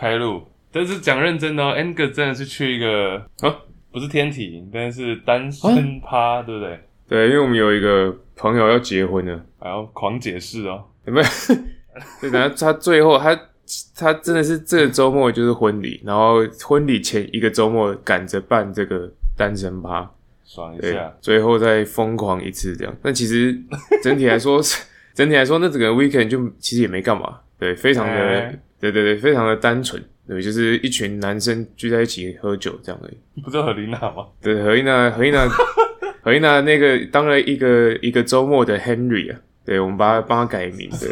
開路，但是講認真的、喔、哦。Angus 真的是去一個，不是天體，但是單身趴、啊，對不對？對，因為我們有一個朋友要結婚了，還要狂解釋哦。對不對？對，然後他，他最後他他真的是這個周末就是婚禮，然後婚禮前一個周末趕着辦這個單身趴，爽一下，最後再瘋狂一次這樣。那其實整體來說， 整體來說，那整個 weekend 就其實也沒幹嘛，對，非常的。欸對對對，非常的單純，對，就是一群男生聚在一起喝酒這樣的。你不知道何麗娜嗎？對，何麗娜，何麗娜，何 麗娜那個當了一個一個周末的 Henry 啊，對，我們幫他幫他改名對，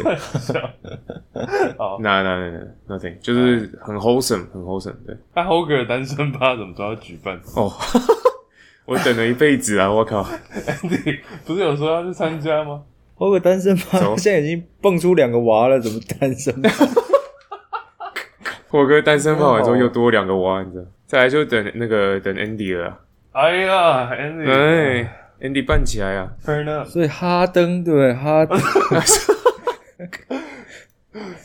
好，那那那那對， nah, nah, nah, nah, nothing, 就是很 wholesome，很 wholesome。對，他、啊、Hogan 單身趴怎麼都要舉辦？哦、oh, 我等了一輩子啊！我靠、欸、不是有說要去參加嗎？Hogan 單身趴現在已經蹦出兩個娃了，怎麼單身趴？ 火哥單身趴完之後又多兩個娃，你知道。Oh. 再來就等那個等 Andy 了。哎、oh、呀、yeah,，Andy，哎、oh.，Andy 辦起來啊！Fair enough. 所以哈登對，哈登。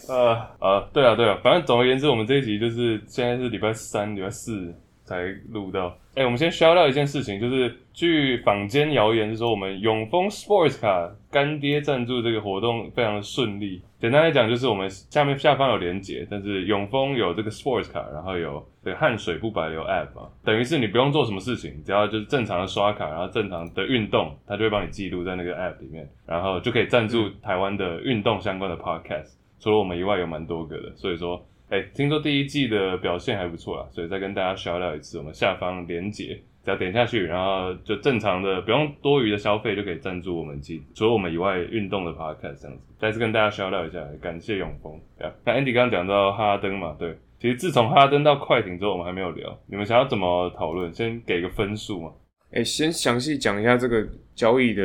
呃 呃、 uh, uh, 啊，對啊對啊，反正總而言之，我們這一集就是現在是禮拜三、禮拜四。才錄到，哎、欸，我們先 share 到一件事情，就是據坊間謠言就說，我們永豐 Sports 卡乾爹贊助這個活動非常的順利。簡單來講，就是我們下面下方有連接，但是永豐有這個 Sports 卡，然後有對汗水不白流 App 嘛，等於是你不用做什麼事情，只要就是正常的刷卡，然後正常的運動，它就會幫你記錄在那個 App 裡面，然後就可以贊助台灣的運動相關的 Podcast、嗯。除了我們以外，有蠻多個的，所以說。哎、欸，聽說第一季的表現還不錯啦，所以再跟大家 shout out 一次。我們下方連結，只要點下去，然後就正常的，不用多餘的消費就可以贊助我們進，除了我們以外運動的 Podcast 這樣子。再次跟大家 shout out 一下，感謝永豐、啊。那 Andy 剛剛講到哈登嘛，對，其實自從哈登到快艇之後，我們還沒有聊。你們想要怎麼討論？先給個分數嘛？哎、欸，先詳細講一下這個交易的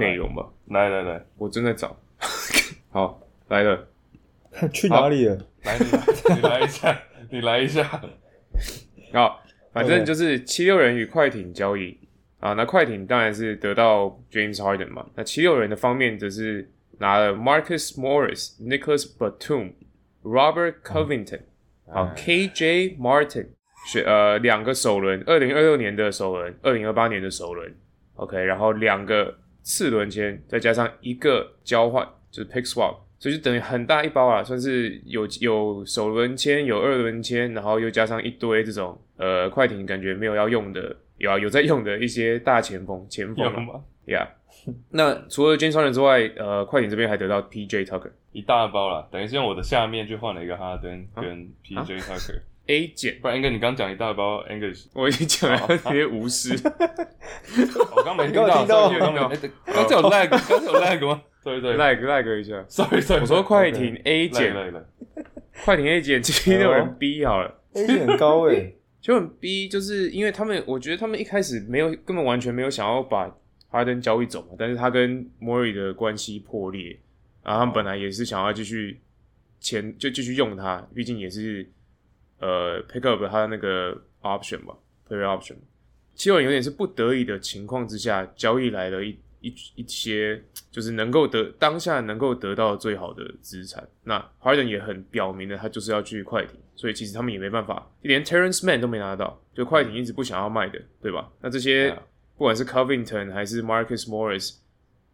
內容吧。來來來，我正在找， 好來了， 去哪裡了？ 來,你來，你來一下，你來一下。好，反正就是七六人與快艇交易、okay. 啊。那快艇當然是得到 James Harden 嘛。那七六人的方面則是拿了 Marcus Morris、Nicholas Batum、Robert Covington、嗯、好、uh. KJ Martin 選呃兩個首輪，二零二六年的首輪，二零二八年的首輪。OK，然後兩個次輪籤，再加上一個交換，就是 Pick Swap。所以就等於很大一包啦，算是有有首輪籤，有二輪籤，然後又加上一堆這種呃快艇，感覺沒有要用的，有啊，有在用的一些大前鋒，前鋒。有嗎？Yeah 那除了尖酸之外，呃，快艇這邊還得到 P.J. Tucker 一大包了，等於是用我的下面去換了一個哈登跟 P.J.、啊、Tucker。A 減。不然，Angus，你剛講一大包，Angus，我已經講了，直接無視。我剛沒聽到，剛聽到，剛聽有、欸哦欸、有 lag，剛才有 lag 嗎？ 對對對 like like 一下，sorry sorry，我說快艇 A 減，okay, A like, like, like. 快艇 A 減，其實有人 B 好了、oh, ，A 很高、欸，就很 B，就是因為他們，我覺得他們一開始沒有，根本完全沒有想要把哈登交易走嘛，但是他跟莫里的關係破裂，然後他們本來也是想要繼續前，就繼續用他，畢竟也是呃 pick up 他的那個 option 吧 player option，其實有點是不得已的情況之下交易來了一。一一些就是能夠得當下能夠得到最好的資產，那 Harden 也很表明了，他就是要去快艇，所以其實他們也沒辦法，連 Terrence Mann 都沒拿到，就快艇一直不想要賣的，對吧？那這些不管是 Covington 還是 Marcus Morris、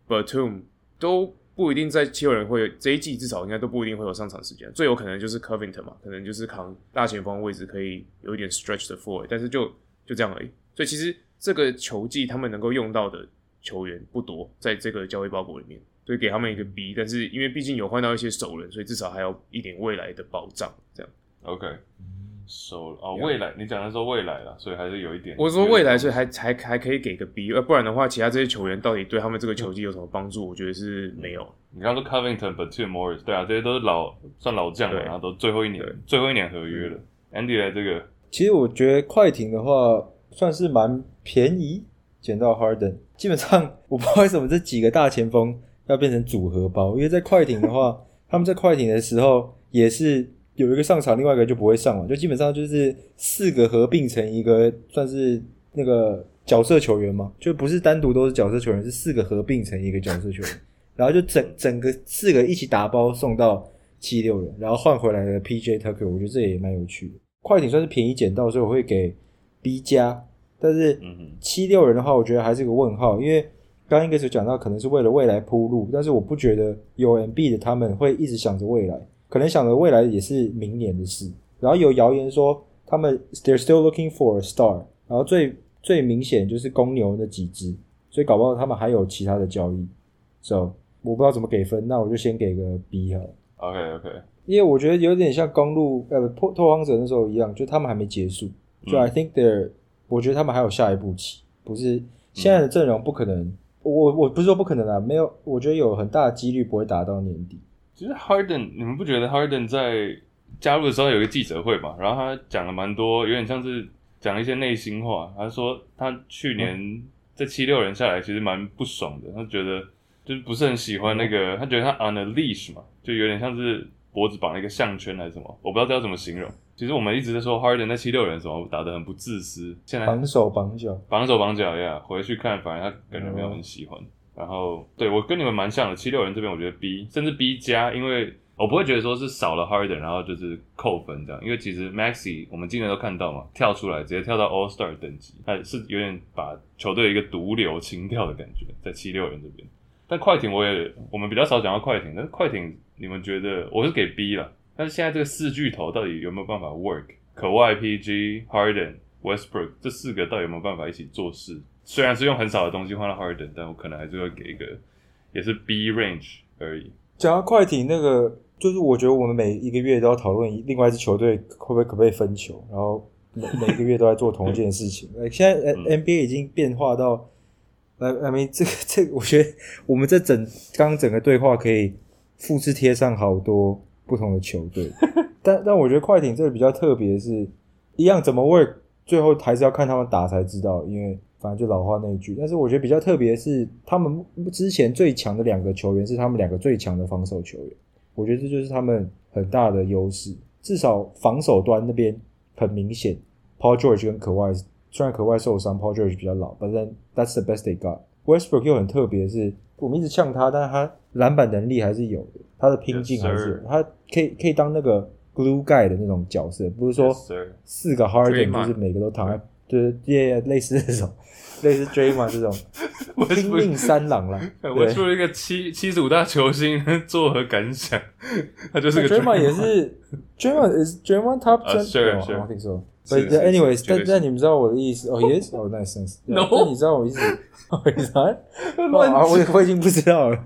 Batum 都不一定在七人會有這一季至少應該都不一定會有上場時間，最有可能就是 Covington 嘛，可能就是扛大前鋒位置可以有一點 stretch the floor，但是就就這樣而已。所以其實這個球季他們能夠用到的。球員不多，在這個交易包裹裡面，所以給他們一個 B。但是因為畢竟有換到一些熟人，所以至少還有一點未來的保障。這樣，OK，熟啊，未來你講的說未來啦，所以還是有一點。我說未來是還還還可以給個 B，不然的話，其他這些球員到底對他們這個球技有什麼幫助？我覺得是沒有。嗯、你剛剛說 Covington、Batum、Morris，對啊，這些都是老算老將，然後都最後一年、最後一年合約了。嗯、Andy 來這個，其實我覺得快艇的話算是蠻便宜。撿到 Harden 基本上我不知道為什麼這幾個大前鋒要變成組合包，因為在快艇的話， 他們在快艇的時候也是有一個上場，另外一個就不會上了，就基本上就是四個合併成一個，算是那個角色球員嘛，就不是單獨都是角色球員，是四個合併成一個角色球員， 然後就整整個四個一起打包送到七六人，然後換回來的 PJ Tucker，我覺得這也蠻有趣的。 快艇算是便宜撿到，所以我會給 B 加。但是七六人的話，我覺得還是個問號，因為剛一開始講到可能是為了未來鋪路，但是我不覺得有 M B 的他們會一直想着未來，可能想着未來也是明年的事。然後有謠言說他們 They're still looking for a star，然後最最明顯就是公牛那幾隻，所以搞不好他們還有其他的交易。So 我不知道怎麼給分，那我就先給個 B 好了。OK OK，因為我覺得有點像公路呃破拓荒者那時候一樣，就他們還沒結束。就、嗯 so、I think they're 我覺得他們還有下一步棋，不是現在的陣容不可能。嗯、我我不是說不可能啊，沒有，我覺得有很大的幾率不會打到年底。其實 Harden，你們不覺得 Harden 在加入的時候有一個記者會嘛？然後他講了蠻多，有點像是講一些內心話。他說他去年在七六人下來其實蠻不爽的，他覺得就是不是很喜歡那個、嗯，他覺得他 on a leash 嘛，就有點像是脖子綁了一個項圈還是什麼，我不知道這要怎麼形容。其實我們一直在說 Harden 在七六人什麼時候打得很不自私，現在綁手綁腳，綁手綁腳呀，回去看反而他感覺沒有很喜歡。然後對，我跟你們蠻像的，七六人這邊我覺得 B，甚至 B 加，因為我不會覺得說是少了 Harden，然後就是扣分這樣，因為其實 Maxi 我們今年都看到嘛，跳出來直接跳到 All Star 等級，他是有點把球隊一個毒瘤清掉的感覺，在七六人這邊。但快艇我也我們比較少講到快艇，但是快艇你們覺得我是給 B 了。但是現在這個四巨頭到底有沒有辦法 work？Kawhi PG Harden Westbrook 這四個到底有沒有辦法一起做事？雖然是用很少的東西換了 Harden，但我可能還是會給一個也是 B range 而已。講到快艇那個，就是我覺得我們每一個月都要討論另，另外一支球隊會不會可不可以分球，然後每每一個月都在做同一件事情。 現在、N、NBA 已經變化到 I mean 這個這個，個我覺得我們這整剛整個對話可以複製貼上好多。不同的球隊， 但但我覺得快艇這個比較特別是，一樣怎麼 work 最後還是要看他們打才知道，因為反正就老話那一句，但是我覺得比較特別是他們之前最強的兩個球員是他們兩個最強的防守球員，我覺得這就是他們很大的優勢，至少防守端那邊很明顯，Paul George 跟 Kawhi 雖然 Kawhi 受傷，Paul George 比較老，but then that's the best they got，Westbrook 又很特別是。我們一直嗆他，但是他籃板能力還是有的，他的拼勁還是有，他可以可以當那個 glue guy 的那種角色，不是說四個 Harden 就是每個都躺在、yes,，就是耶類似那種類似 Draymond 這種 我是是拼命三郎了。我作為一個七七十五大球星作何感想？他就是個 Draymond、啊 Draymond、也是 Draymond is Draymond top ten，我聽說。But anyways，但但你們知道我的意思？Oh yes, oh nice sense No，但你知道我的意思？我意思？t 啊！我我已經不知道了。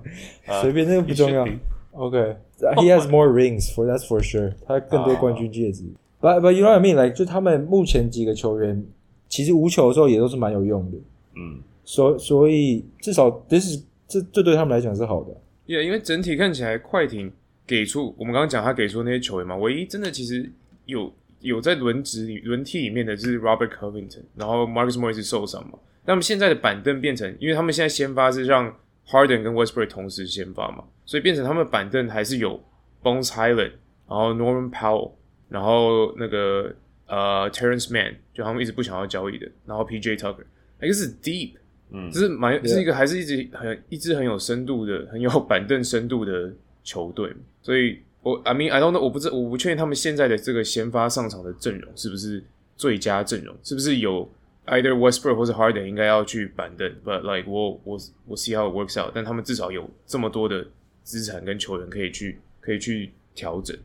隨便，那個不重要。OK，He has more rings for that's for sure. 他更多冠軍戒指。But but you know what I mean? Like 就他們目前幾個球員，其實無球的時候也都是蠻有用的。嗯、so, so。所所以至少這是這這對他們來講是好的。Yeah，因為整體看起來快艇給出我們剛剛講他給出那些球員嘛，唯一真的其實有。有在輪值裡輪替裡面的，就是 Robert Covington，然後 Marcus Morris 受傷嘛。那麼現在的板凳變成，因為他們現在先發是讓 Harden 跟 Westbrook 同時先發嘛，所以變成他們的板凳還是有 Bones Hyland，然後 Norman Powell，然後那個呃、uh, Terrence Mann，就他們一直不想要交易的，然後 PJ Tucker，還是 Deep，嗯，就是蠻、yeah. 是一個還是一直很一支很有深度的，很有板凳深度的球隊，所以。我，I mean, I don't know，我不知，我不確定他們現在的這個先發上場的陣容是不是最佳陣容，是不是有 either Westbrook 或者 Harden 應該要去板凳，but like 我我我 see how it works out，但他們至少有這麼多的資產跟球員可以去可以去調整。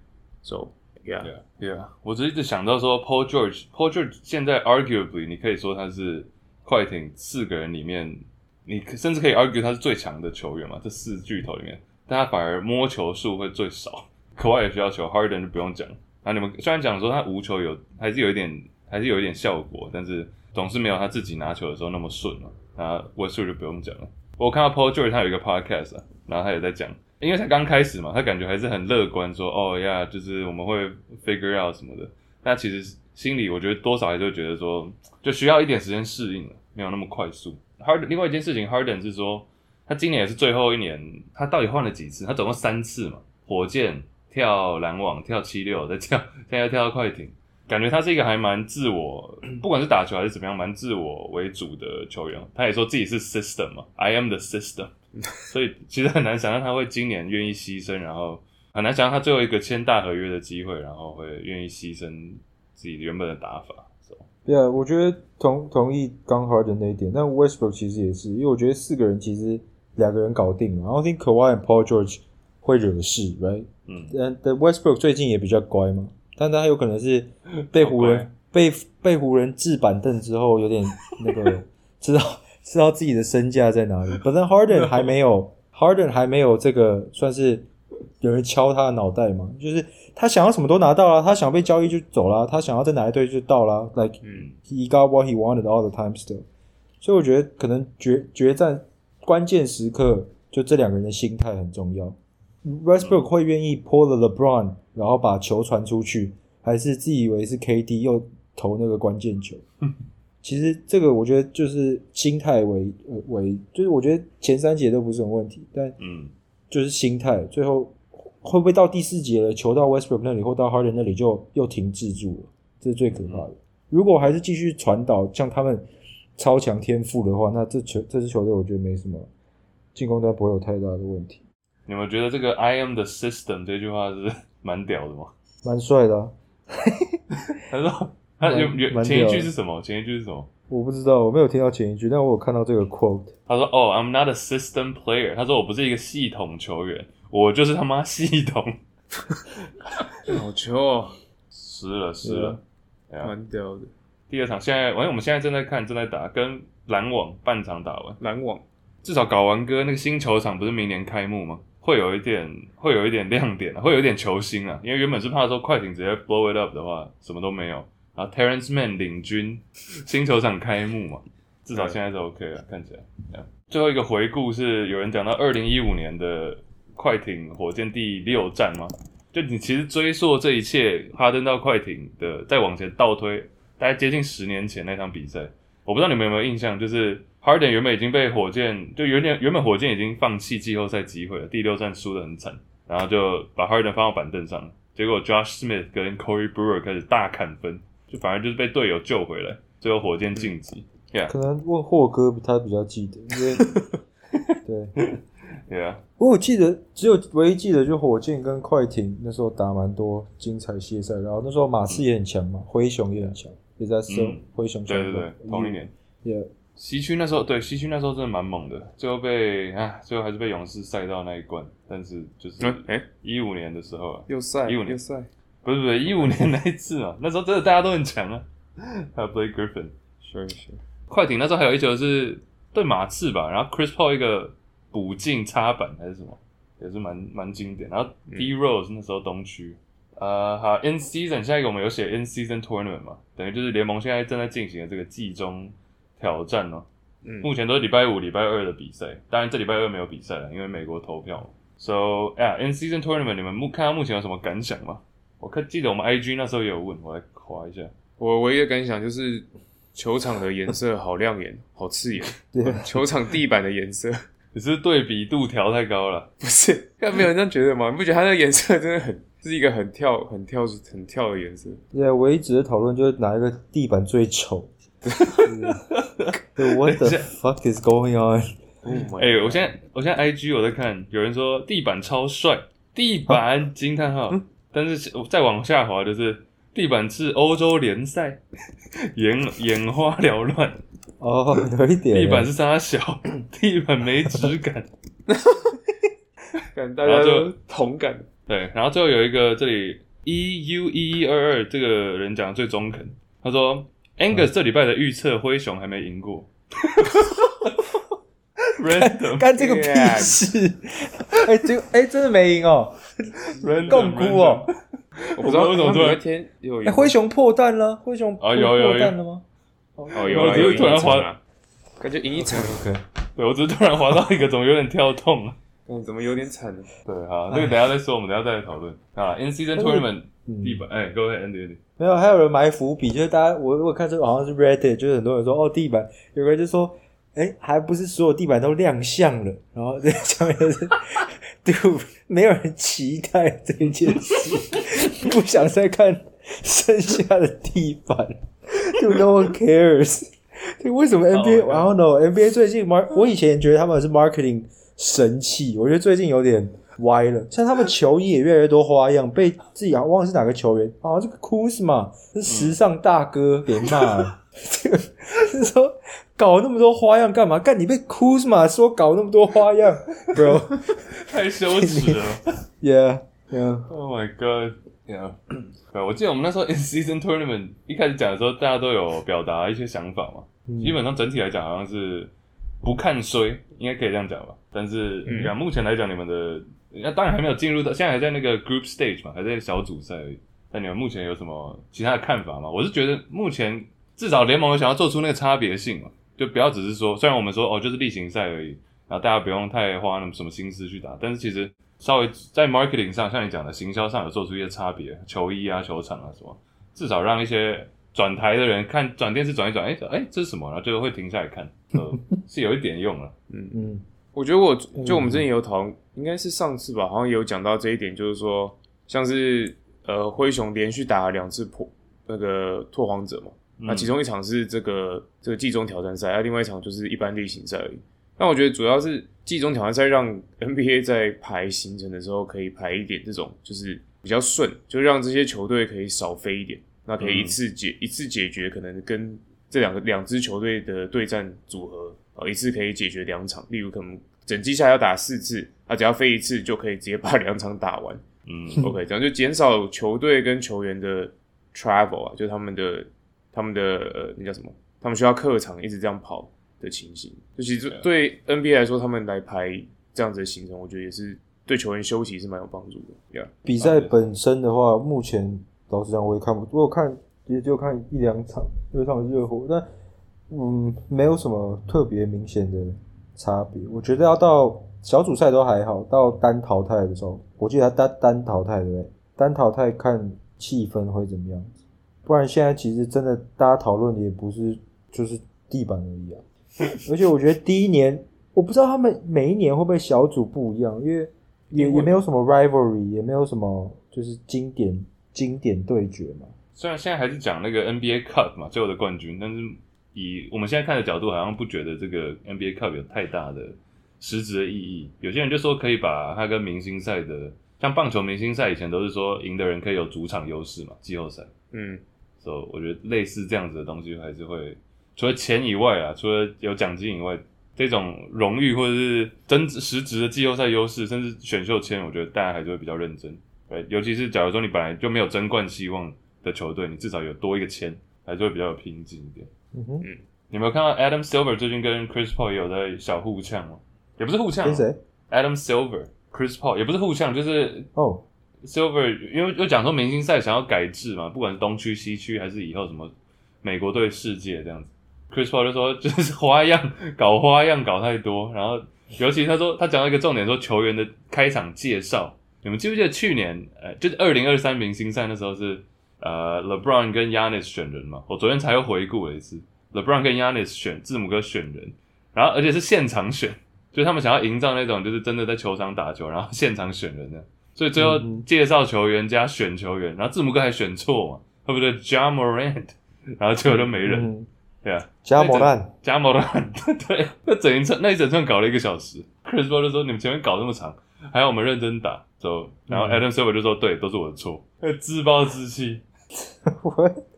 So yeah, yeah, yeah. 我只是一直想到說 Paul George，Paul George 現在 arguably 你可以說他是快艇四個人裡面，你甚至可以 argue 他是最強的球員嘛，這四巨頭裡面，但他反而摸球數會最少。可愛也需要球，Harden 就不用講。那、啊、你們雖然講說他無球有，還是有一點，還是有一點效果，但是總是沒有他自己拿球的時候那麼順嘛。那 Westbrook 就不用講了。我看到 Paul George 他有一個 podcast，、啊、然後他也在講，因為才剛開始嘛，他感覺還是很樂觀說，說哦呀，就是我們會 figure out 什麼的。但其實心裡我覺得多少還是覺得說，就需要一點時間適應了，沒有那麼快速。Harden 另外一件事情，Harden 是說他今年也是最後一年，他到底換了幾次？他總共三次嘛，火箭。跳籃網，跳七六，再跳，再要跳到快艇，感覺他是一個還蠻自我，不管是打球還是怎麼樣，蠻自我為主的球員。他也說自己是 system 嘛 i am the system， 所以其實很難想象他會今年願意犧牲，然後很難想象他最後一個簽大合約的機會，然後會願意犧牲自己原本的打法，對、so、啊，yeah, 我覺得同同意剛好的那一點，但 Westbrook 其實也是，因為我覺得四個人其實兩個人搞定了，然後聽 k a w a i and Paul George。會惹事，對、right? 嗯，嗯，The Westbrook 最近也比較乖嘛，但他有可能是被湖人被被湖人治板凳之後有點那個 知道知道自己的身價在哪裡 ，But then Harden 還沒有 ，Harden 還沒有這個算是有人敲他的腦袋嘛，就是他想要什麼都拿到了，他想要被交易就走了，他想要在哪一隊就到了，Like、嗯、he got what he wanted all the time still. 所以我覺得可能決決戰關鍵時刻就這兩個人的心態很重要。Westbrook 會願意 pull 了 LeBron，然後把球傳出去，還是自以為是 KD 又投那個關鍵球、嗯？其實這個我覺得就是心態為呃為，就是我覺得前三節都不是什麼問題，但嗯，就是心態最後會不會到第四節了，球到 Westbrook 那裡或到 Harden 那裡就又停滯住了，這是最可怕的。嗯、如果還是繼續傳導，像他們超強天賦的話，那這球這支球隊我覺得沒什麼進攻端不會有太大的問題。你們覺得這個 I am the system 這句話是蠻屌的嗎？蠻帥的、啊 蠻。他 說，他有有前一句是什麼？前一句是什麼？我不知道，我沒有聽到前一句，但我有看到這個 quote。嗯、他說：“Oh, I'm not a system player。”他說：“我不是一個系統球員，我就是他媽系統。 ”好球、哦，濕了濕了，蠻屌的，yeah. 蠻屌的。第二場現在，哎、欸，我們現在正在看，正在打，跟籃網半場打完。籃網至少搞完歌，哥那個新球場不是明年開幕嗎？會有一點，會有一點亮點，會有一點球星啊。因為原本是怕說快艇直接 blow it up 的話，什麼都沒有。然後 Terence Mann 領軍，新球場開幕嘛，至少現在是 OK 啊，看起來。Yeah. Okay. 最後一個回顧是有人講到2015年的快艇火箭第六戰嗎？就你其實追溯這一切，哈登到快艇的，再往前倒推，大概接近十年前那場比賽。我不知道你們有沒有印象，就是 Harden 原本已經被火箭就原本原本火箭已經放棄季後賽機會了，第六戰輸得很慘，然後就把 Harden 放到板凳上了。結果 Josh Smith 跟 Corey Brewer 開始大砍分，就反而就是被隊友救回來，最後火箭晉級。Yeah. 可能問霍哥他比較記得，因為 對對啊。過、yeah. 我，我記得只有唯一記得就火箭跟快艇那時候打蠻多精彩系列賽，然後那時候馬刺也很強嘛，嗯，灰熊也很強。也在收灰熊，對對對，同一年。Mm, yeah. 西區那時候，對，西區那時候真的蠻猛的，最後被啊，最後還是被勇士賽到那一關，但是就是，哎，一五年的時候啊，又賽，一五年又賽，不是不是，一五年那一次嘛，那時候真的大家都很強啊。還有 Blake Griffin，sure, sure. 快艇那時候還有一球是對馬刺吧，然後 Chris Paul 一個補進插板還是什麼，也是蠻蠻經典。然後 D Rose 那時候東區。嗯呃、uh,，好，In Season，現在我們有寫 In Season Tournament 嘛，等於就是聯盟現在正在進行的這個季中挑戰哦。嗯，目前都是禮拜五、禮拜二的比賽。當然，這禮拜二沒有比賽了，因為美國投票了。So，哎呀，In Season Tournament，你們目看到目前有什麼感想嗎？我可記得我們 IG 那時候也有問，我來誇一下。我唯一的感想就是球場的顏色好亮眼， 好刺眼。 對，球場地板的顏色，只是對比度調太高了。不是，看沒有人這樣覺得嗎？ 你不覺得它那顏色真的很？這是一個很跳、很跳、很跳的顏色。對，唯一只是討論就是哪一個地板最醜。What the fuck is going on？哎、oh hey，我現在我現在 I G 我在看，有人說地板超帥，地板驚嘆號。Huh? 但是再往下滑，就是、huh? 地板是歐洲聯賽， 眼眼花繚亂。哦、oh，有一點。地板是沙小，地板沒質感。哈哈，大家同感。對，然後最後有一個這裡 e u 一一二二，這個人講的最中肯，他說 Angus 這禮拜的預測灰熊還沒贏過， Random, 幹，幹這個屁事，哎、欸，就、欸、哎真的沒贏哦，夠 孤哮哦， 我不知道為什麼突然有一天、 欸、灰熊破蛋了，灰熊破、哦、有啊有啊有啊有嗎？哦有有，有，突然滑，感覺贏一次 okay, OK，對我這突然滑到一個，怎麼有點跳痛、啊？嗯、怎麼有點慘，對，好，那、這個等下再說，我們等下再來討論啊。In season tournament 地板，哎、嗯，各、欸、位，end 這裡。沒有，還有人埋伏筆，就是大家，我如果看這個好像是 Reddit，就是很多人說，哦，地板，有人就說，哎、欸，還不是所有地板都亮相了，然後這上面就對、是， Dude, 沒有人期待這件事， 不想再看剩下的地板，就 no one cares。這為什麼 NBA，然後呢 n o NBA 最近 mark， 我以前覺得他們是 marketing。神器，我覺得最近有點歪了。像他們球衣也越來越多花樣，被自己、啊、忘了是哪個球員啊？這個 Kuzma 是時尚大哥給罵、嗯、了， 是說搞那麼多花樣幹嘛？幹你被 Kuzma 說搞那麼多花樣 ，bro，太羞恥了。Yeah，yeah yeah.。Oh my god，yeah。對， 我記得我們那時候 in season tournament 一開始講的時候，大家都有表達一些想法嘛、嗯。基本上整體來講，好像是不看衰，應該可以這樣講吧。但是，你看，目前來講，你們的那、嗯、當然還沒有進入到，現在還在那個 group stage 嘛，還在小組賽而已。但你們目前有什麼其他的看法嗎？我是覺得目前至少聯盟有想要做出那個差別性嘛，就不要只是說，雖然我們說哦，就是例行賽而已，然後大家不用太花那麼什麼心思去打，但是其實稍微在 marketing 上，像你講的行銷上有做出一些差別，球衣啊、球場啊什麼，至少讓一些轉檯的人看轉電視轉一轉，哎、欸、哎、欸、這是什麼，然後最後會停下來看，是有一點用了、啊，嗯 嗯。我覺得我就我們之前有討論、嗯，應該是上次吧，好像也有講到這一點，就是說，像是呃，灰熊連續打了兩次破那個拓荒者嘛，、嗯，那其中一場是這個這個季中挑戰賽，那、啊、另外一場就是一般例行賽而已。那我覺得主要是季中挑戰賽讓 NBA 在排行程的時候可以排一點這種，就是比較順，就讓這些球隊可以少飛一點，那可以一次解、嗯、一次解決可能跟這兩個兩支球隊的對戰組合。一次可以解決兩場，例如可能整季下來要打四次，他、啊、只要飛一次就可以直接把兩場打完。嗯，OK， 這樣就減少球隊跟球員的 travel 啊，就他們的他們的那、呃、叫什麼？他們需要客場一直這樣跑的情形。就其實就對 NBA 來說，他們來排這樣子的行程，我覺得也是對球員休息是蠻有幫助的。對啊，比賽本身的話，嗯、目前老實講，我也看不，我看也就看一兩場，有一場熱火，但。嗯，沒有什麼特別明顯的差別。我覺得要到小組賽都還好，到單淘汰的時候，我記得他單單淘汰對，單淘汰看氣氛會怎麼樣子。不然現在其實真的大家討論的也不是就是地板而已啊。 而且我覺得第一年我不知道他們每一年會不會小組不一樣，因為也也沒有什麼 rivalry，也沒有什麼就是經典經典對決嘛。雖然現在還是講那個 NBA Cup 嘛，最後的冠軍，但是。以我們現在看的角度，好像不覺得這個 NBA Cup 有太大的實質的意義。有些人就說可以把它跟明星賽的，像棒球明星賽，以前都是說贏的人可以有主場優勢嘛，季後賽。嗯，所、so, 以我覺得類似這樣子的東西，還是會除了錢以外啊，除了有獎金以外，這種榮譽或者是真實質的季後賽優勢，甚至選秀簽，我覺得大家還是會比較認真。對，尤其是假如說你本來就沒有爭冠希望的球隊，你至少有多一個簽，還是會比較有拼勁一點。嗯哼，你有沒有看到 Adam Silver 最近跟 Chris Paul 有的小互嗆哦？也不是互嗆，喔，跟誰？Adam Silver、Chris Paul 也不是互嗆，就是哦，Silver、oh. 因為又講說明星賽想要改制嘛，不管是東區、西區還是以後什麼美國對世界這樣子，Chris Paul 就說就是花樣搞花樣搞太多，然後尤其他說他講到一個重點，說球員的開場介紹，你們記不記得去年？呃，就是二零二三明星賽那時候是。呃、uh,，LeBron 跟 Yanis 選人嘛，我昨天才又回顧了一次。LeBron 跟 Yanis 選字母哥選人，然後而且是現場選，就他們想要營造那種就是真的在球場打球，然後現場選人的。所以最後介紹球員加選球員，嗯嗯然後字母哥還選錯嘛，會不會對不對 Ja Morant，然後結果都沒人，對啊，Ja Morant，Ja Morant，對，那一整串那一整串那一整串搞了一個小時。Chris Paul 就說：“你們前面搞那麼長，還要我們認真打就。So, 嗯”然後 Adam Silver 就說：“對，都是我的錯。哎”自暴自棄。 我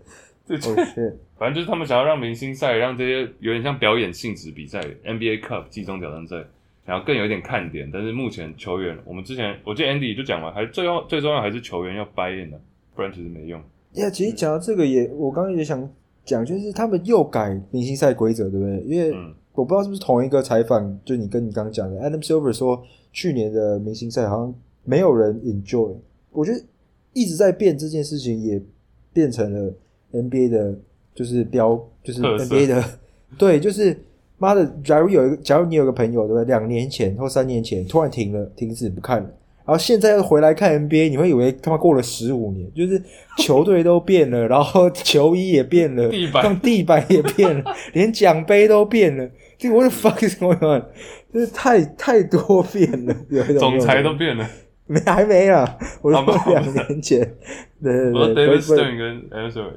，okay. 反正就是他們想要讓明星賽，讓這些有點像表演性質比賽，NBA Cup 季中挑戰賽，然後更有一點看點。但是目前球員，我們之前我記得 Andy 就講完，還最後最重要還是球員要 buy in 啊，不然其實沒用。呀、yeah,，其實講到這個也，我剛剛也想講，就是他們又改明星賽規則，對不對？因為我不知道是不是同一個採訪，就你跟你剛剛講的 Adam Silver 說，去年的明星賽好像沒有人 enjoy。我覺得一直在變這件事情也。變成了 NBA 的，就是標，就是 NBA 的，對，就是媽的，假如有一個，假如你有個朋友，對不對？兩年前或三年前突然停了，停止不看了，然後現在又回來看 NBA，你會以為他媽過了十五年，就是球隊都變了， 然後球衣也變了，地板地板也變了， 連獎盃都變了，這 what the fuck？這是太太多變了，總裁都變了。沒還沒了，我說兩年前， 對對對，不是跟 David Stern、well, 一樣，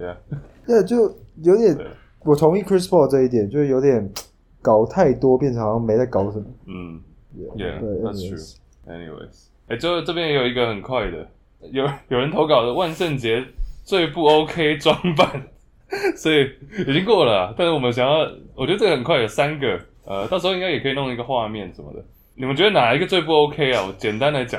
對， yeah, yeah. 就有點，我同意 Chris Paul 這一點，就有點搞太多，變成好像沒在搞什麼。嗯、mm.，Yeah, yeah that's, that's true. Anyways，誒、欸、就這邊也有一個很快的，有有人投稿的萬聖節最不 OK 裝扮，所以已經過了啦，但是我們想要，我覺得這個很快有三個，呃，到時候應該也可以弄一個畫面什麼的。你們覺得哪一個最不 OK 啊？我簡單來講，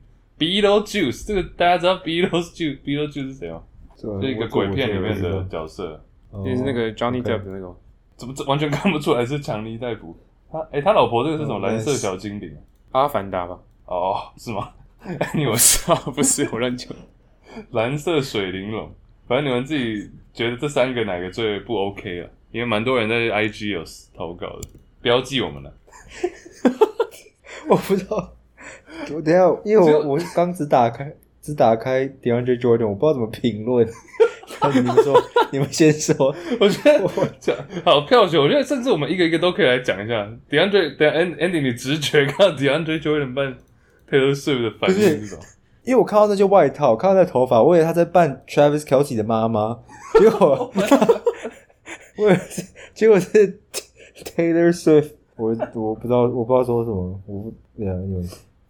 Beetlejuice，這個大家知道 Beetlejuice。Beetlejuice，Beetlejuice 是誰啊？是一、那個鬼片裡面的角色，就、oh, 是那個 Johnny Depp 的那個。怎麼，完全看不出來是強尼戴普他，誒、欸、他老婆這個是什麼？Oh, 藍色小精靈？阿、啊、凡達吧？哦、oh,，是嗎？你有笑？, 不是，我亂你藍色水玲瓏。反正你們自己覺得這三個哪個最不 OK 啊？因為蠻多人在 IG 有投稿的，標記我們了。 我不知道。我等一下，因為我我剛只打開只打開 DeAndre Jordan。我不知道怎麼評論。 你們說， 你們先說。我覺得講好票選，我覺得甚至我們一個一個都可以來講一下。DeAndre，等下 Andy，你直覺看到 DeAndre Jordan 扮，Taylor Swift 的反應是吧？因為我看到那些外套，看到那頭髮，我以為他在扮 Travis Kelce 的媽媽，結果，為 結果是 Taylor Swift 我。我我不知道，我不知道說什麼，我不，哎呀，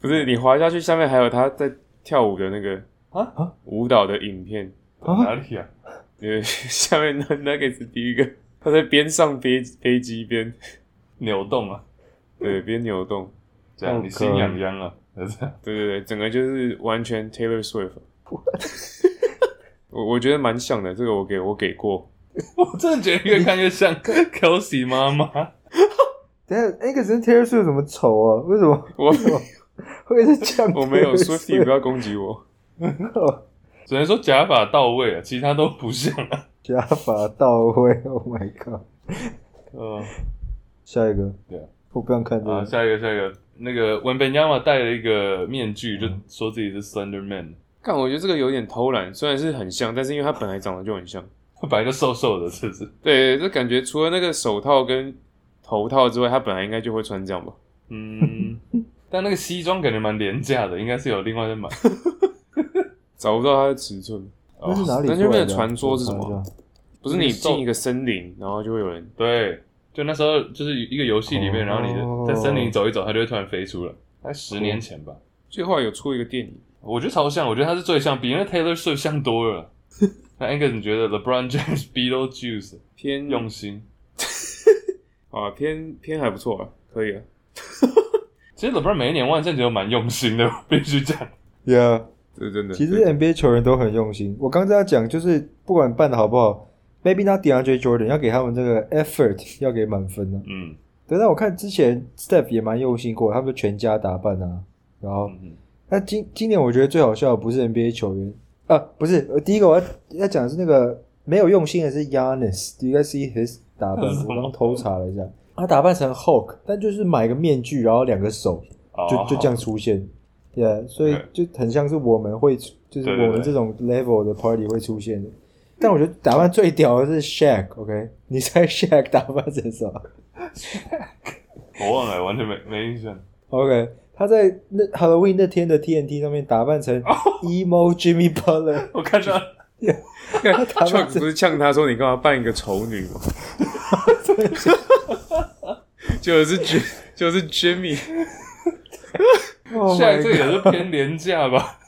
不是你滑下去，下面還有他在跳舞的那個啊啊舞蹈的影片啊，啊哪裡呀、啊、對下面那那個是第一個，他在邊上邊飛機邊扭動啊，對邊扭動， 這樣你心癢癢啊，是吧？對對對，整個就是完全 Taylor Swift，What? 我我覺得蠻像的，這個我給我給過， 我真的覺得越看越像 Kelsey 媽媽， 等下那個 Taylor Swift 怎麼醜啊？為什麼？為什麼？ 會是這樣？我沒有說你，不要攻擊我。 oh. 只能說假髮到位了，其他都不像了。 假髮到位，Oh my god！嗯， uh, 下一個，對啊，我不想看這個。Uh, 下一個，下一個，那個 Wembanyama 戴了一個面具，就說自己是 Slender Man 看，我覺得這個有點偷懶，雖然是很像，但是因為他本來長得就很像，他 本來就瘦瘦的，是不是？對，就感覺除了那個手套跟頭套之外，他本來應該就會穿這樣吧？ 嗯。但那個西裝感覺蠻廉價的，應該是有另外人買的， 找不到它的尺寸。哦、那是哪裡？那那邊的傳說是什麼？不是你進一個森林，然後就會有人對，就那時候就是一個遊戲裡面，oh. 然後你在森林走一走，它就會突然飛出來。大概十年前吧。Oh. 最後有出一個電影，我覺得超像，我覺得它是最像，比那 Taylor 絲像多了。 那 Angus 你覺得 LeBron James、Beetlejuice 偏用心 啊，偏偏還不錯、啊，可以啊。 其實 LeBron 每一年萬聖節都蠻用心的，我必須講呀，這真的。其實 NBA 球員都很用心。我剛剛要講，就是不管辦得好不好，Maybe not DeAndre Jordan 要給他們這個 effort 要給滿分呢、啊。嗯，對。但我看之前 Step 也蠻用心過，他們全家打扮啊，然後，那、嗯、今、嗯、今年我覺得最好笑的不是 NBA 球員啊，不是，第一個我要要講的是那個沒有用心的是 Yanis，Do you guys see his 打扮？我剛剛 偷查了一下。他打扮成 Hulk 但就是買個面具，然後兩個手就、oh, 就，就這樣出現，對、yeah,，okay. 所以就很像是我們會就是我們這種 level 的 party 會出現的。對對對，但我覺得打扮最屌的是 Shaq，OK？、Okay? 你猜 Shaq 打扮成什麼？ 我忘了，完全沒沒印象。OK，他在那 Halloween 那天的 TNT 上面打扮成 emo、oh! Jimmy Butler，我看到 Chuck 不是嗆他說：“你幹嘛扮一個醜女嗎？” 就是 J，就是 Jimmy、oh。下一個 也這個是偏廉價吧，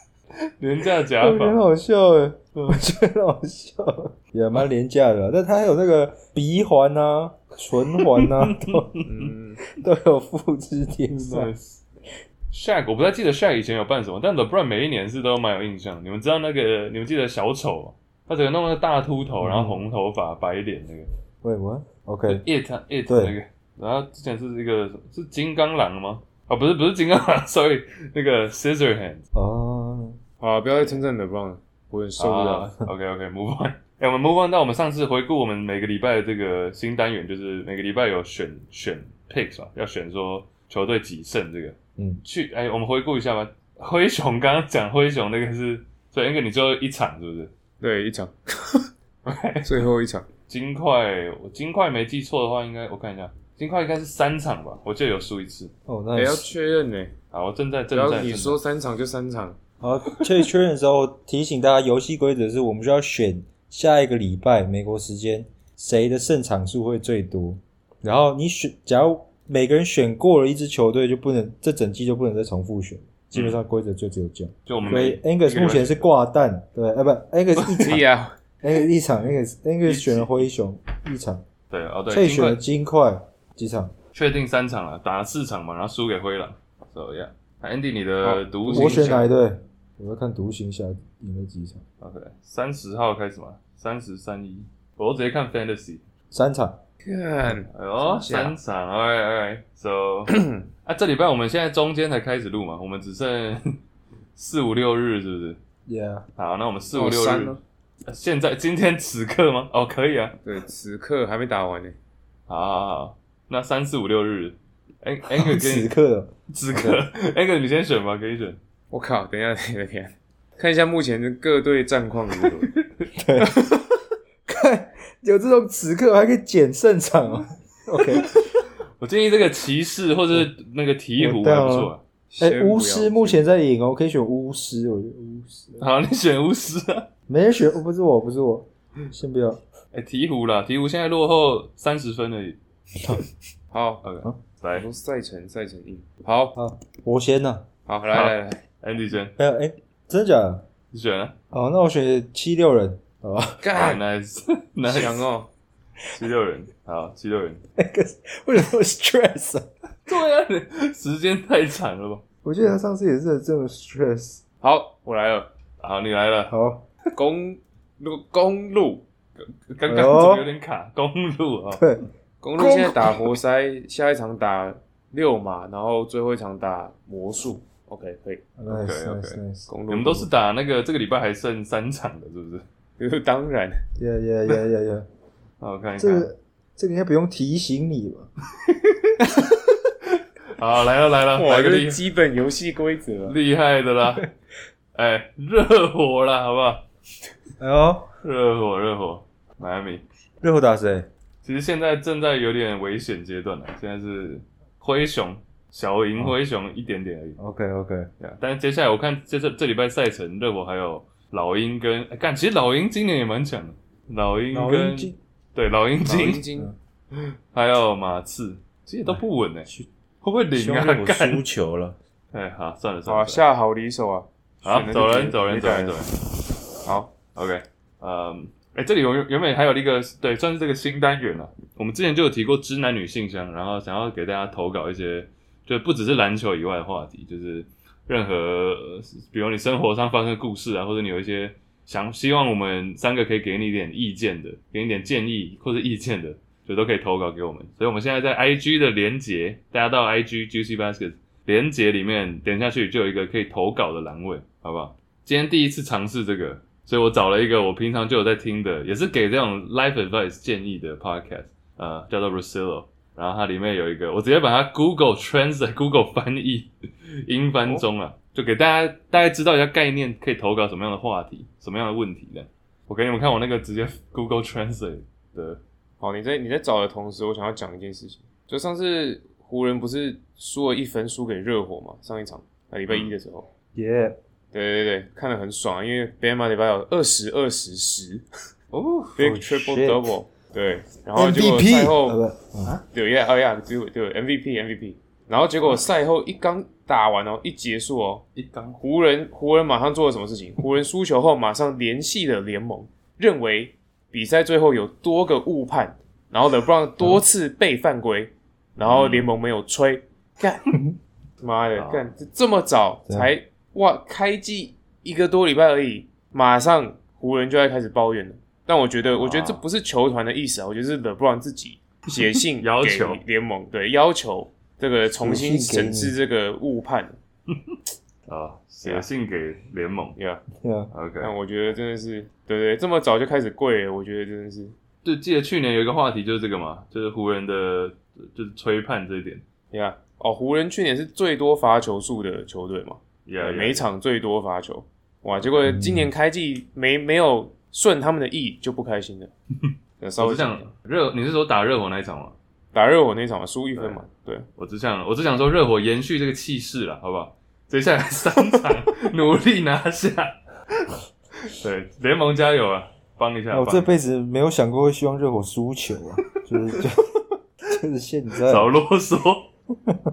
廉價假髮。很好笑誒，我覺得很好笑，也蠻廉價的。但他還有那個鼻環啊，唇環啊，都 嗯 都有複製貼上。Shaq 我不太記得 Shaq 以前有辦什麼，但 LeBron 每一年是都蠻有印象。你們知道那個，你們記得小丑嗎？他整個弄個大禿頭，然後紅頭髮、嗯、白臉那、這個？為什麼？OK，It，It 那個。然、啊、後之前是一個是金剛狼嗎？啊，不是不是金剛狼，Sorry，那個 Scissorhands。哦、oh，好、啊，不要再稱讚了，不然我也受不了。Oh, OK OK，Move、okay, on。 哎、欸，我們 Move on 到我們上次回顧，我們每個禮拜的這個新單元，就是每個禮拜有選選 Picks 嘛，要選說球隊幾勝這個。嗯，去，哎、欸，我們回顧一下吧。灰熊剛剛講灰熊那個是，所以那個你就一場是不是？對，一場。 OK， 最後一場。金塊，我金塊沒記錯的話應，應該我看一下。金塊應該是三場吧，我就有輸一次。哦，那也、欸，要確認呢、欸。好，我正在正在。你說三場就三場。好，確 確認的時候提醒大家，遊戲規則是我們需要選下一個禮拜美國時間誰的勝場數會最多、嗯。然後你選，假如每個人選過了一支球隊，就不能這整季就不能再重複選。嗯、基本上規則就只有這樣。就我們。所以，Angus 目前是掛蛋你你，對，呃、啊，啊、不、啊不，啊不是一啊、Angus 一啊 Angus 一場，Angus，Angus 選了灰熊，一場。對，哦，對，他選了金塊。幾場？確定三場了，打了四場嘛，然後輸給灰狼。走、so、呀、yeah.，Andy，你的獨、oh, 行俠對，我要看獨行俠贏幾場。OK，三十號開始嘛？三十三一，我、oh, 都直接看 Fantasy 三場。看，哎呦，三場，o 哎，走、so。 啊，這禮拜我們現在中間才開始錄嘛，我們只剩四五六日，是不是？Yeah。好，那我們四五六日，現在今天此刻嗎？哦、oh,，可以啊。對，此刻還沒打完呢。好好好，好。那三四五六日，Angus 跟此刻此刻，Angus、okay. 你先選吧，可以選。我靠，等一下你的天，看一下目前各隊戰況如何。 對， 看有這種此刻還可以撿勝場哦、啊。 OK，我建議這個騎士或者那個鵜鶘還不錯、啊。哎、 欸，巫師目前在贏哦，可以選巫師，我覺得巫師。好，你選巫師啊？沒人選，不是我，不是我，先不要。哎、欸，鵜鶘啦，鵜鶘現在落後三十分而已。 好，OK，、啊、來，賽程賽程硬，好好，我先吶、啊，好，來來來，Andy 先，哎、 欸欸、真的假的？你選了、啊，哦、oh,，那我選七六人，好、oh. 吧，Nice，強哦，七六人，好，七六人，欸、可是為什麼 stress 啊？對啊，時間太長了吧？我記得他上次也是有這麼 stress。 好，我來了，好，你來了，好、oh.，公路公路，剛剛怎麼有點卡，oh. 公路啊、哦，對。公鹿現在打活塞，下一場打溜馬，然後最後一場打魔術。 OK，可以。Nice，Nice，Nice、oh, OK,。Nice, OK, nice, 公鹿我們都是打那個，這個禮拜還剩三場的，是不是？ 當然。耶耶耶耶。好，我看一看，這個這個應該不用提醒你吧？ 好，來了來了，來個這基本遊戲規則、啊，厲害的啦！哎、 欸，熱火啦，好不好？哎呦，熱火熱火，邁阿密熱火打誰？其實現在正在有點危險階段了，現在是灰熊小贏灰熊一點點而已。Oh, OK OK，對、yeah, 但是接下來我看這這這禮拜賽程，熱火還有老鷹跟幹、哎，其實老鷹今年也蠻強的。老鷹跟老對老鷹精， 還有馬刺，其實都不穩呢、欸。會不會零啊？幹，輸球了。 哎，好，算了算了。哇，下好離手啊！好，走人走人走人走人。人走人走人人好，OK，嗯、um,。哎、欸，這裡有原本還有一個，對，算是這個新單元了、啊。 我們之前就有提過汁男女信箱，然後想要給大家投稿一些，就不只是籃球以外的話題，就是任何，比如你生活上發生的故事啊，或者你有一些想希望我們三個可以給你一點意見的，給你點建議或者意見的，就都可以投稿給我們。所以我們現在在 I G 的連結，大家到 I G Juicy Baskets 連結裡面點下去，就有一個可以投稿的欄位，好不好？今天第一次嘗試這個。所以我找了一個我平常就有在聽的，也是給這種 life advice 建議的 podcast，呃，叫做 Russillo，然後它裡面有一個，我直接把它 Google translate Google 翻譯，英翻中了、啊，就給大家大概知道一下概念，可以投稿什麼樣的話題，什麼樣的問題的。我、okay, 給你們看我那個直接 Google translate 的。好，你在你在找的同時，我想要講一件事情，就上次湖人不是輸了一分輸給熱火嘛，上一場，啊，禮拜一的時候，Yeah。對對對，看得很爽，因為貝恩馬里巴有二十二十十哦，big triple，oh，double，對，然後就賽後啊，對呀，哎，yeah, 呀，oh yeah,，機會對，MVP MVP，然後結果賽後一剛打完哦，一結束哦，一剛湖人湖人馬上做了什麼事情？湖人輸球後馬上聯繫了聯盟，認為比賽最後有多個誤判，然後呢 LeBron 多次被犯規，然後聯盟沒有吹，嗯，幹媽的幹這麼早才。哇！開季一個多禮拜而已，馬上湖人就要開始抱怨了。但我覺得，我覺得這不是球團的意思啊，我覺得是勒布朗自己寫信給 要求聯盟，對，要求這個重新審視這個誤判。啊、哦，寫信給聯盟呀？對啊。OK，那我覺得真的是，對對，對，這麼早就開始跪，我覺得真的是。就記得去年有一個話題就是這個嘛，就是湖人的就是吹判這一點。你看，哦，湖人去年是最多罰球數的球隊嘛？Yeah, yeah, yeah. 每場最多罰球哇！結果今年開季沒沒有順他們的意，就不開心了。 稍微我是樣熱，你是說打熱火那一場嗎？打熱火那一場嘛，輸一分嘛。對、啊、對，對我只想我只想說熱火延續這個氣勢啦，好不好？接下來三場努力拿下。 對聯盟加油啊！幫一下我、哦、這輩子沒有想過會希望熱火輸球啊， 就是就，就是現在少囉嗦。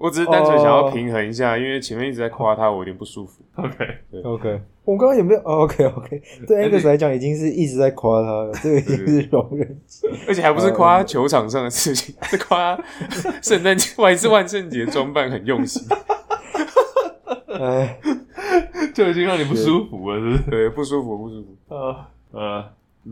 我只是單純想要平衡一下，oh, 因為前面一直在誇他，我有點不舒服。OK，OK，、okay. okay. 我剛剛有沒有、oh,？OK，OK，、okay, okay. 對 Angus 來講，已經是一直在誇他了、這個已經是容忍，對,對,對， 而且，還不是誇球場上的事情，uh, uh, uh, 是誇聖誕節萬一是萬聖節裝扮很用心，哎 就已經讓你不舒服了，yeah. 是不是？ 對，不舒服，不舒服。啊，呃，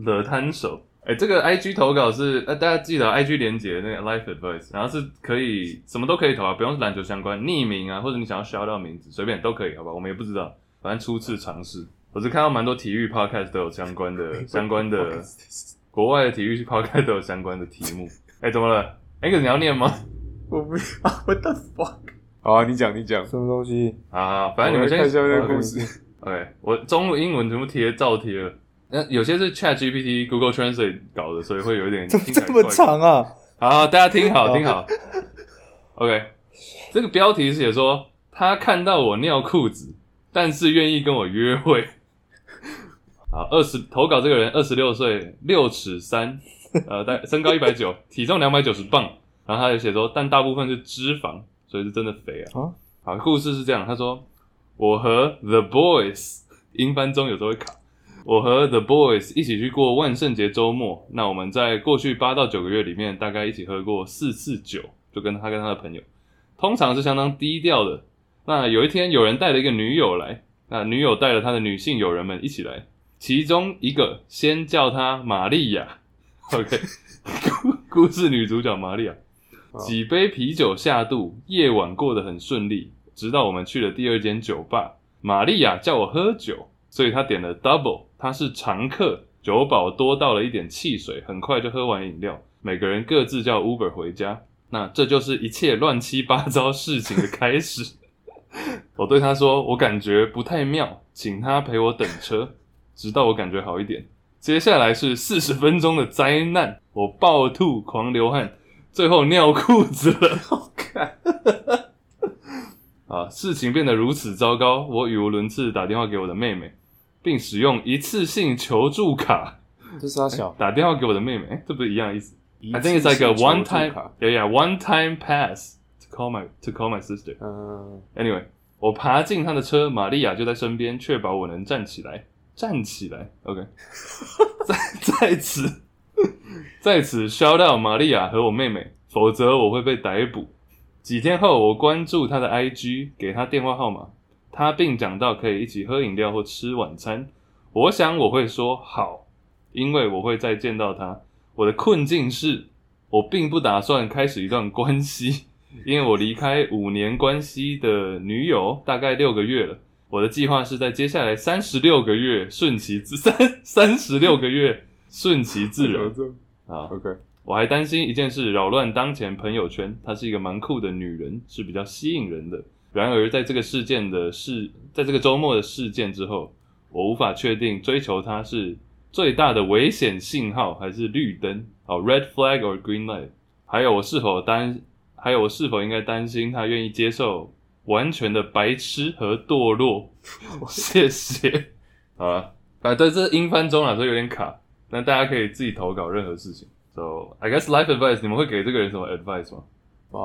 的攤手。哎、欸，這個 I G 投稿是呃，大家記得、啊、I G 連結那個 Life Advice，然後是可以什麼都可以投啊，不用是籃球相關，匿名啊，或者你想要 shoutout 名字，隨便都可以，好吧？我們也不知道，反正初次嘗試。我是看到蠻多體育 podcast 都有相關的，相關的國外的體育 podcast 都有相關的題目。哎、 欸，怎麼了？Angus、欸、你要念嗎？我不要，what the fuck？啊，你講，你講，什麼東西啊？反正你們先聽那個故事。啊、OK，我中文、英文全部貼，照貼了。那、嗯、有些是 Chat GPT、Google Translate 搞的，所以會有一點聽起來怪怪。怎麼這麼長啊？好，好，大家聽好聽好。 OK，這個標題是寫說，他看到我尿褲子，但是願意跟我約會。好，二十投稿這個人二十六歲，六尺三，呃，但身高一百九，體重兩百九十磅。然後他就寫說，但大部分是脂肪，所以是真的肥啊。好，故事是這樣，他說我和 The Boys 英翻中有時候會卡。我和 The Boys 一起去過萬聖節周末。那我們在過去八到九個月裡面，大概一起喝過四次酒，就跟他跟他的朋友，通常是相當低調的。那有一天，有人帶了一個女友來，那女友帶了他的女性友人們一起來，其中一個先叫他瑪利亞，OK， 故事女主角瑪利亞。幾杯啤酒下肚，夜晚過得很順利，直到我們去了第二間酒吧，瑪利亞叫我喝酒。所以他點了 double，他是常客，酒保多倒了一點汽水，很快就喝完飲料。每個人各自叫 Uber 回家，那這就是一切亂七八糟事情的開始。 我對他說：“我感覺不太妙，請他陪我等車，直到我感覺好一點。”接下來是四十分鐘的災難，我暴吐狂流汗，最後尿褲子了。好看，啊，事情變得如此糟糕，我語無倫次打電話給我的妹妹。並使用一次性求助卡，這是他小、欸？打電話給我的妹妹，欸、這不是一樣的意思？反正也是一個 one time 求助卡，對、yeah, 呀、yeah,，one time pass to call my to call my sister、uh...。Anyway，我爬進他的車，瑪利亞就在身邊，確保我能站起來，站起來。OK， 在在此在此，shout out 瑪利亞和我妹妹，否則我會被逮捕。幾天後，我關注他的 IG，給他電話號碼。他並講到可以一起喝飲料或吃晚餐，我想我會說好，因為我會再見到他。我的困境是，我並不打算開始一段關係，因為我離開五年關係的女友大概六個月了。我的計劃是在接下來三十六個月順其自三三十六個月順其自然啊。好，OK，我還擔心一件事擾亂當前朋友圈，她是一個蠻酷的女人，是比較吸引人的。然而，在這個事件的事，在這個周末的事件之後，我無法確定追求他是最大的危險信號還是綠燈哦、oh,，red flag or green light？還有我是否擔，還有我是否應該擔心他願意接受完全的白痴和墮落？ 謝謝。 好反正、啊、這是英翻中來說有點卡，那大家可以自己投稿任何事情。So, I guess life advice，你們會給這個人什麼 advice 嗎？哇、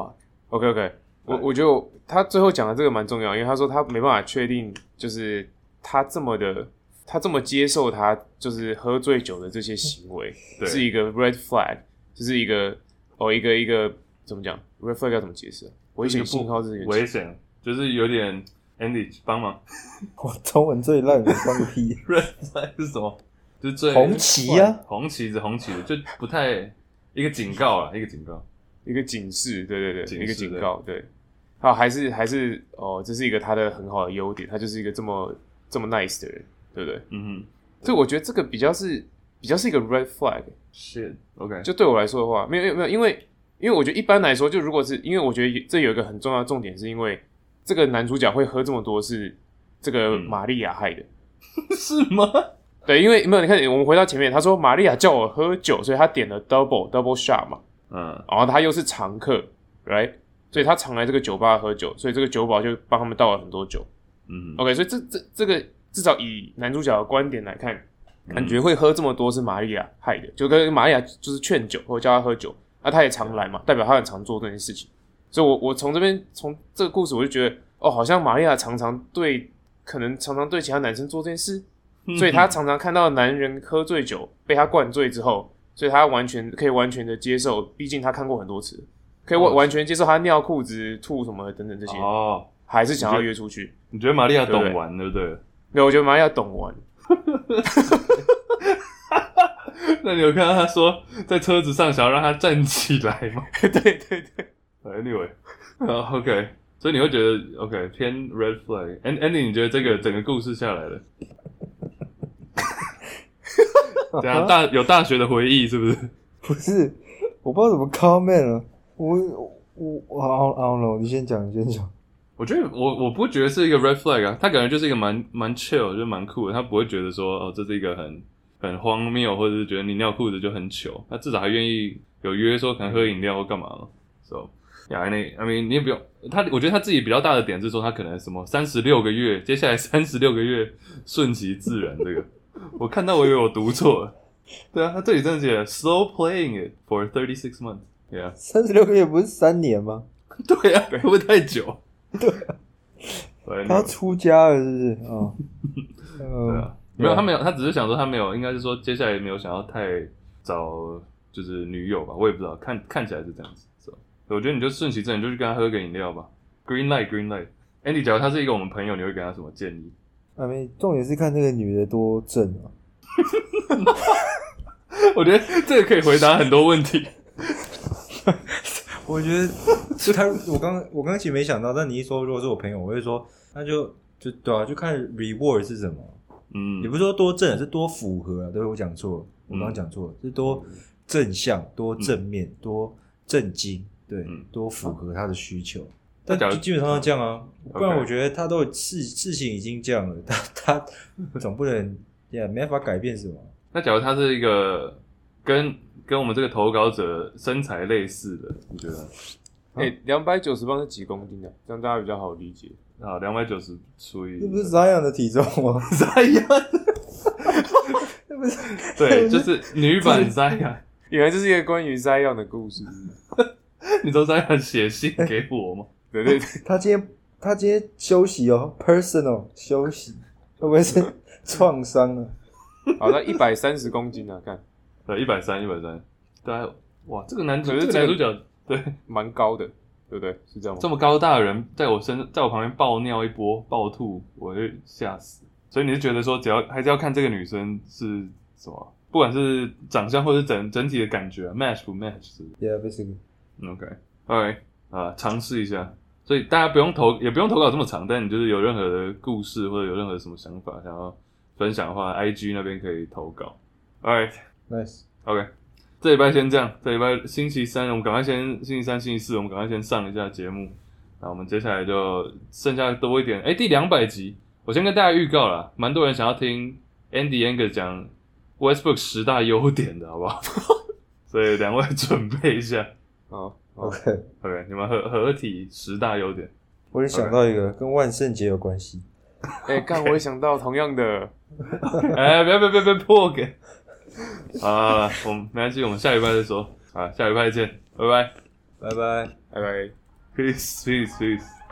wow.，OK OK，、啊、我我就。他最後講的這個蠻重要，因為他說他沒辦法確定，就是他這麼的，他這麼接受他就是喝醉酒的這些行為， 對是一個 red flag，就是一個哦一個一個怎麼講 red flag 要怎麼解釋？就是、不危險信號是危險，就是有點 Andy 幫忙。 我中文最爛，的，放屁 red flag 是什麼？就是最紅旗啊，紅旗子紅旗的，就不太一個警告啊，一個警告，一個警示，對對對，一個警告，對。啊，還是還是哦，這是一個他的很好的優點，他就是一個這麼這麼 nice 的人，對不對？嗯哼，所以我覺得這個比較是比較是一個 red flag、欸。是 OK，就對我來說的話，沒有沒有沒有，因為因為我覺得一般來說，就如果是因為我覺得這有一個很重要的重點，是因為這個男主角會喝這麼多是這個瑪利亞害的，嗯、 是嗎？對，因為沒有你看，我們回到前面，他說瑪利亞叫我喝酒，所以他點了 double double shot 嘛，嗯，然後他又是常客，right？所以他常來這個酒吧喝酒，所以這個酒保就幫他們倒了很多酒。嗯，OK，所以這這這個至少以男主角的觀點來看，感覺會喝這麼多是瑪利亞害的，就跟瑪利亞就是勸酒或者叫他喝酒。那、啊、他也常來嘛，代表他很常做這件事情。所以我，我我從這邊從這個故事，我就覺得哦，好像瑪利亞常常對可能常常對其他男生做這件事，所以他常常看到男人喝醉酒被他灌醉之後，所以他完全可以完全的接受，畢竟他看過很多次。可以完完全接受他尿褲子、oh. 吐什麼等等這些哦，oh. 還是想要約出去？你覺得瑪利亞懂玩，完對不對？沒有，我覺得瑪利亞懂玩。 那你有看到他說在車子上想要讓他站起來嗎？ 對對對，Anyway, OK. 所以你會覺得 OK 偏 red flag. And, Andy, 你覺得這個整個故事下來了？對 啊，uh -huh. 大有大學的回憶是不是？ 不是，我不知道怎麼 comment 了。我我我我 don't know，你先講，你先講。我覺得我我不覺得是一個 red flag，啊，他感覺就是一個蠻蠻 chill，就蠻酷的，他不會覺得說哦，這是一個很很荒謬，或者是覺得你尿褲子就很糗。他至少還願意有約說可能喝飲料或幹嘛了，是。So, yeah, I mean，你也不用他，我覺得他自己比較大的點是說他可能什麼三十六個月，接下來三十六個月順其自然。 這個我看到我以為我讀錯了， 對啊，他這裡這樣寫 slow playing it for thirty six months。三十六個月不是三年嗎？ 對啊，會不會太久？ 對、啊，他、no. 出家了是不是？Oh. uh, 啊，對啊，沒有他沒有他只是想說他沒有，應該是說接下來沒有想要太找就是女友吧，我也不知道，看看起來是這樣子。所以我覺得你就順其自然，你就去跟他喝個飲料吧。Green Light，Green Light，Andy，假如他是一個我們朋友，你會給他什麼建議？啊，沒，重點是看這個女的多正啊！ 我覺得這個可以回答很多問題。 我覺得是 他，我剛我剛其實沒想到，但你一說，如果是我朋友，我會說那就就對啊，就看 reward 是什麼，嗯，也不是說多正，是多符合啊，對，我講錯了，我剛剛講錯，是多正向、多正面、嗯、多正經，對，多符合他的需求，嗯、但基本上是這樣啊，不然我覺得他都事、okay. 事情已經這樣了，他他我總不能也沒法改變什麼。那假如他是一個。跟跟我們這個投稿者身材類似的，你覺得、啊？哎、嗯，兩百九十磅是幾公斤啊？這樣大家比較好理解啊。兩百九十除以……這不是 Zion 的體重嗎、喔？Zion，o n 是對，就是女版 Zion。就是、 原來這是一個關於 Zion 的故事。 你說 Zion 寫信給我嗎？對 對 他今天他今天休息哦、喔、personal 休息，會 不會是創傷了？好，那一百三十公斤啊，看。對，一百三，一百三，大家哇，這個男主、這個嗯，這個男主角，對，蠻高的，對不對？是這樣嗎？這麼高大的人，在我身，在我旁邊爆尿一波，爆吐，我就嚇死。所以你是覺得說，只要還是要看這個女生是什麼，不管是長相，或是整整體的感覺啊，match 不 match？Yeah, basically. Okay, alright，、okay. 啊，嘗試一下。所以大家不用投，也不用投稿這麼長，但你就是有任何的故事或者有任何什麼想法想要分享的話，IG 那邊可以投稿。Alright。Nice. OK，這禮拜先這樣。這禮拜星期三，我們趕快先星期三、星期四，我們趕快先上一下節目。那我們接下來就剩下多一點。誒，第兩百集，我先跟大家預告了，蠻多人想要聽 Andy、Angus 講 Westbrook 十大優點的，好不好？ 所以兩位準備一下。好、 哦、，OK，OK，、okay, okay. okay, 你們合合體十大優點。我也想到一個、okay. 跟萬聖節有關係。哎，看，我也想到同樣的。哎， 不要不要不要破梗。 好，好，我們沒關係，我們下禮拜再說。好，下禮拜見，拜拜，拜拜，拜拜，peace peace peace。